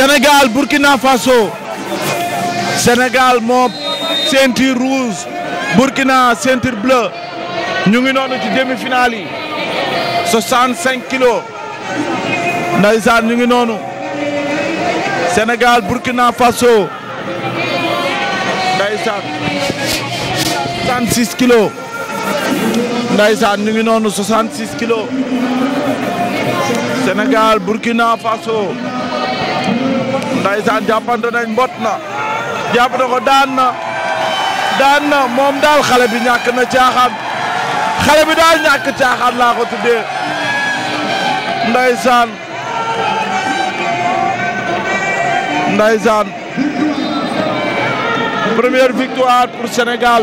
Sénégal Burkina Faso Sénégal moo ceinture rouge Burkina ceinture bleu ñu ngi noonu ci demi-finale yi 65 kilos ndaysaan ñu ngi noonu Sénégal Burkina Faso ndaysaan 66 kilos ndaysaan ñu ngi noonu 66 Sénégal Burkina Faso ndaysaan jàppante nañ daan na moom daal xale bi ñàkk na caaxaan xale bi daal ñàkk caaxaan laa ko tuddee ndaysaan ndaysaan première victoire pour Sénégal